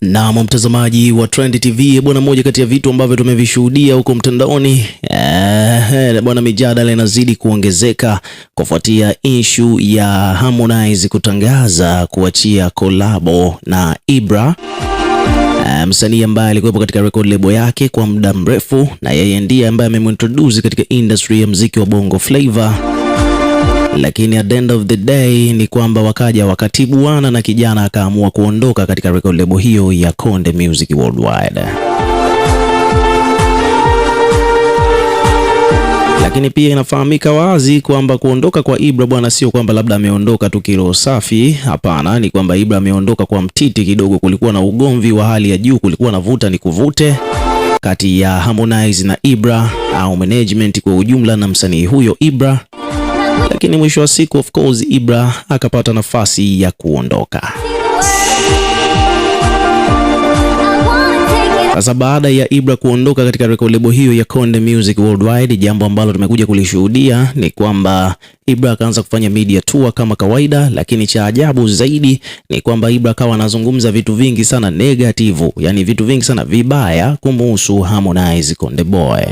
Na mtazamaji wa Trend TV bwana, moja kati ya vitu ambavyo tumevishuhudia huko mtandaoni eh, bwana, mijadala inazidi kuongezeka kufuatia ishu ya Harmonize kutangaza kuachia kolabo na Ibra msanii ambaye alikuwepo katika record label yake kwa muda mrefu, na yeye ndiye ambaye amemintroduce katika industry ya mziki wa Bongo Flavor. Lakini at the end of the day ni kwamba wakaja wakatibuana na kijana akaamua kuondoka katika record label hiyo ya Konde Music Worldwide. Lakini pia inafahamika wazi kwamba kuondoka kwa Ibra bwana, sio kwamba labda ameondoka tu kiroho safi. Hapana, ni kwamba Ibra ameondoka kwa mtiti kidogo. Kulikuwa na ugomvi wa hali ya juu, kulikuwa na vuta ni kuvute kati ya Harmonize na Ibra au management kwa ujumla na msanii huyo Ibra lakini mwisho wa siku of course Ibra akapata nafasi ya kuondoka. Sasa baada ya Ibra kuondoka katika record label hiyo ya Konde Music Worldwide, jambo ambalo tumekuja kulishuhudia ni kwamba Ibra akaanza kufanya media tour kama kawaida, lakini cha ajabu zaidi ni kwamba Ibra akawa anazungumza vitu vingi sana negativu, yani vitu vingi sana vibaya kumuhusu Harmonize Konde Boy.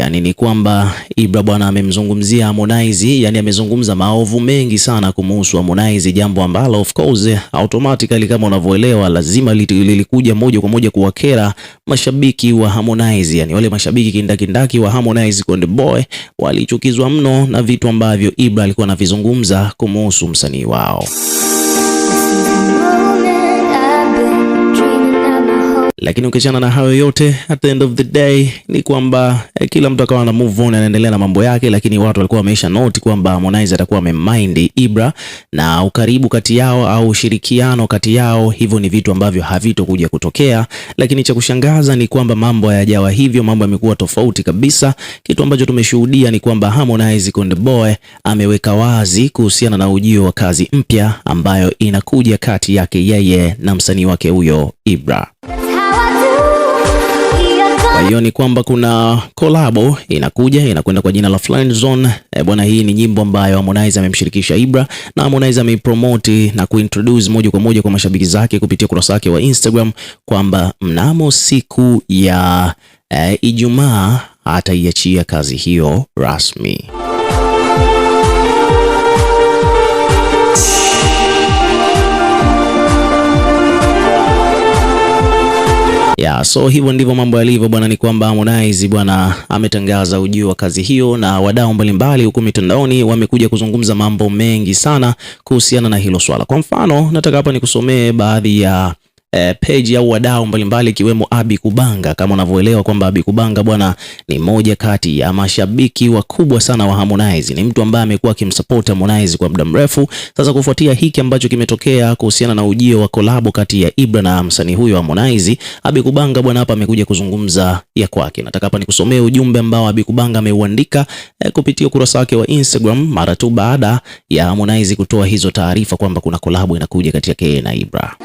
yani ni kwamba Ibra bwana amemzungumzia Harmonize, yani amezungumza maovu mengi sana kumuhusu Harmonize, jambo ambalo of course automatically kama unavyoelewa lazima lilikuja moja kwa moja kuwakera mashabiki wa Harmonize, yani wale mashabiki kindakindaki wa Harmonize Konde Boy walichukizwa mno na vitu ambavyo Ibra alikuwa anavizungumza kumuhusu msanii wao. Lakini ukiachana na hayo yote, at the end of the day ni kwamba eh, kila mtu akawa na move on, anaendelea na mambo yake, lakini watu walikuwa wameisha note kwamba Harmonize atakuwa amemind Ibra na ukaribu kati yao au ushirikiano kati yao, hivyo ni vitu ambavyo havitokuja kutokea. Lakini cha kushangaza ni kwamba mambo hayajawa hivyo, mambo yamekuwa tofauti kabisa. Kitu ambacho tumeshuhudia ni kwamba Harmonize Konde Boy ameweka wazi kuhusiana na ujio wa kazi mpya ambayo inakuja kati yake yeye na msanii wake huyo Ibra. Kwa hiyo ni kwamba kuna kolabo inakuja inakwenda kwa jina la Friend Zone. E, bwana, hii ni nyimbo ambayo Harmonize amemshirikisha Ibra na Harmonize ameipromote na kuintroduce moja kwa moja kwa mashabiki zake kupitia kurasa yake wa Instagram kwamba mnamo siku ya e, Ijumaa ataiachia kazi hiyo rasmi. Yeah, so hivyo ndivyo mambo yalivyo bwana, ni kwamba Harmonize bwana ametangaza ujio wa kazi hiyo, na wadau mbalimbali huko mitandaoni wamekuja kuzungumza mambo mengi sana kuhusiana na hilo swala. Kwa mfano, nataka hapa nikusomee baadhi ya eh, page au wadau mbalimbali ikiwemo Abi Kubanga, kama unavyoelewa kwamba Abi Kubanga bwana ni moja kati ya mashabiki wakubwa sana wa Harmonize. Ni mtu ambaye amekuwa akimsupport Harmonize kwa muda mrefu sasa. Kufuatia hiki ambacho kimetokea kuhusiana na ujio wa kolabo kati ya Ibra na msanii huyo Harmonize, Abi Kubanga bwana hapa amekuja kuzungumza ya kwake. Nataka hapa nikusomee ujumbe ambao Abi Kubanga ameuandika eh, kupitia ukurasa wake wa Instagram mara tu baada ya Harmonize kutoa hizo taarifa kwamba kuna kolabo inakuja kati yake na Ibra.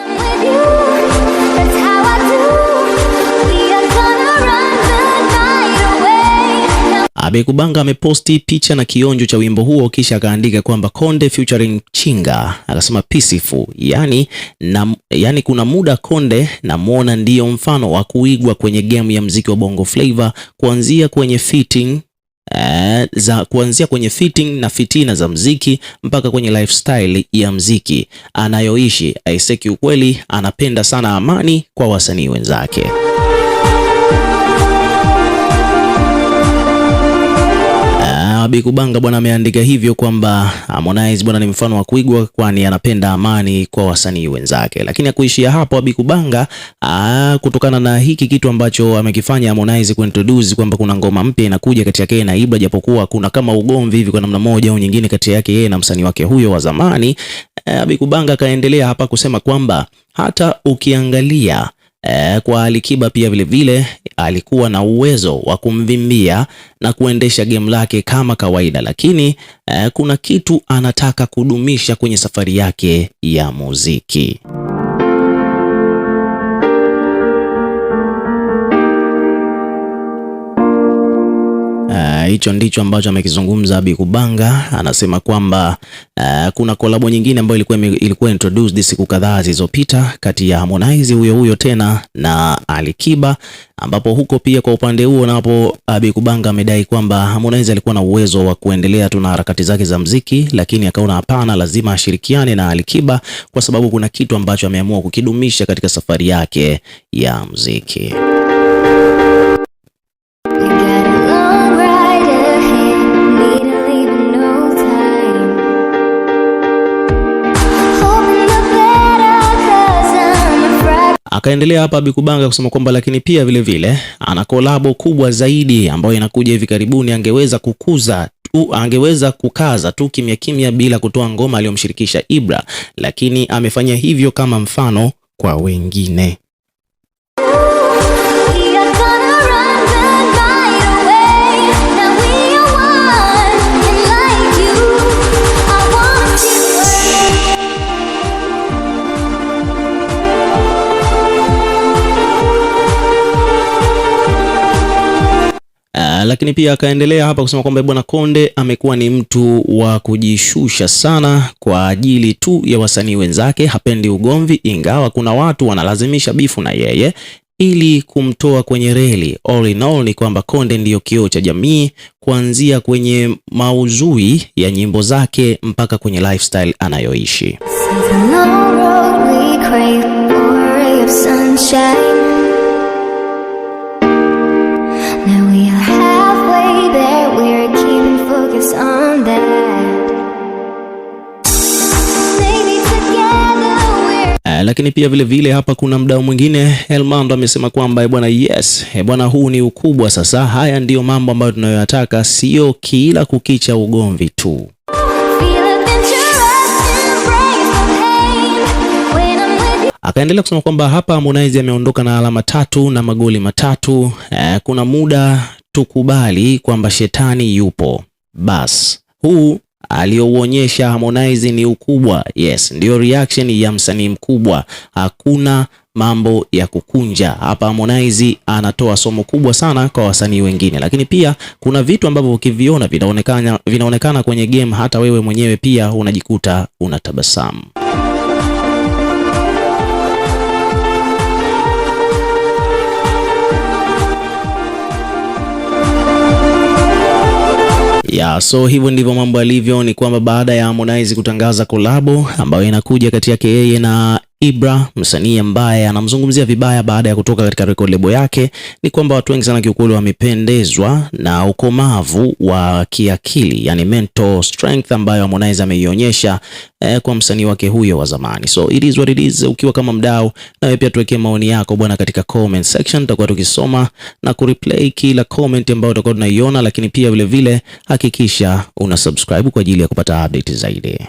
Abekubanga ameposti picha na kionjo cha wimbo huo, kisha akaandika kwamba Konde featuring Chinga, akasema pisifu yani, na, yani kuna muda Konde namwona ndiyo mfano wa kuigwa kwenye game ya mziki wa Bongo Flava kuanzia kwenye fitting Uh, za kuanzia kwenye fitting na fitina za mziki mpaka kwenye lifestyle ya mziki anayoishi. Aiseki ukweli anapenda sana amani kwa wasanii wenzake. Bikubanga bwana ameandika hivyo kwamba Harmonize bwana ni mfano wa kuigwa, kwani anapenda amani kwa wasanii wenzake. Lakini akuishia hapo Bikubanga, kutokana na hiki kitu ambacho amekifanya Harmonize kuintroduce kwamba kuna ngoma mpya inakuja kati yake na Ibra, japokuwa kuna kama ugomvi hivi kwa namna moja au nyingine kati yake yeye na msanii wake huyo wa zamani. Bikubanga akaendelea hapa kusema kwamba hata ukiangalia E, kwa Alikiba pia vilevile alikuwa na uwezo wa kumvimbia na kuendesha game lake kama kawaida, lakini e, kuna kitu anataka kudumisha kwenye safari yake ya muziki. hicho uh, ndicho ambacho amekizungumza Bi Kubanga. Anasema kwamba uh, kuna kolabo nyingine ambayo ilikuwa ilikuwa introduced siku kadhaa zilizopita kati ya Harmonize huyo huyo tena na Alikiba, ambapo huko pia kwa upande huo napo abi Kubanga amedai kwamba Harmonize alikuwa na uwezo wa kuendelea tu na harakati zake za mziki, lakini akaona hapana, lazima ashirikiane na Alikiba kwa sababu kuna kitu ambacho ameamua kukidumisha katika safari yake ya mziki. Akaendelea hapa Bikubanga kusema kwamba lakini pia vile vile ana kolabo kubwa zaidi ambayo inakuja hivi karibuni, angeweza kukuza tu, angeweza kukaza tu kimya kimya bila kutoa ngoma aliyomshirikisha Ibra, lakini amefanya hivyo kama mfano kwa wengine. Ah, lakini pia akaendelea hapa kusema kwamba bwana Konde amekuwa ni mtu wa kujishusha sana kwa ajili tu ya wasanii wenzake, hapendi ugomvi, ingawa kuna watu wanalazimisha bifu na yeye ili kumtoa kwenye reli. All in all ni kwamba Konde ndiyo kioo cha jamii, kuanzia kwenye mauzui ya nyimbo zake mpaka kwenye lifestyle anayoishi. Eh, lakini pia vile vile hapa kuna mdau mwingine Elmando amesema kwamba eh, bwana, yes eh, bwana, huu ni ukubwa sasa. Haya ndiyo mambo ambayo tunayoyataka, sio kila kukicha ugomvi tu. Akaendelea kusema kwamba hapa Harmonize ameondoka na alama tatu na magoli matatu. kuna muda tukubali kwamba shetani yupo. Bas, huu aliyouonyesha Harmonize ni ukubwa. Yes, ndiyo reaction ya msanii mkubwa, hakuna mambo ya kukunja hapa. Harmonize anatoa somo kubwa sana kwa wasanii wengine, lakini pia kuna vitu ambavyo ukiviona vinaonekana vinaonekana kwenye game, hata wewe mwenyewe pia unajikuta unatabasamu. yeah, so hivyo ndivyo mambo yalivyo, ni kwamba baada ya Harmonize kutangaza kolabo ambayo inakuja kati yake yeye na Ibra, msanii ambaye anamzungumzia vibaya baada ya kutoka katika record label yake, ni kwamba watu wengi sana kiukweli wamependezwa na ukomavu wa kiakili, yani mental strength ambayo Harmonize ameionyesha eh, kwa msanii wake huyo wa zamani. So it is what it is. Ukiwa kama mdau, na wewe pia tuwekee maoni yako bwana katika comment section, tutakuwa tukisoma na kureplay kila comment ambayo utakuwa tunaiona, lakini pia vilevile vile, hakikisha una subscribe kwa ajili ya kupata update zaidi.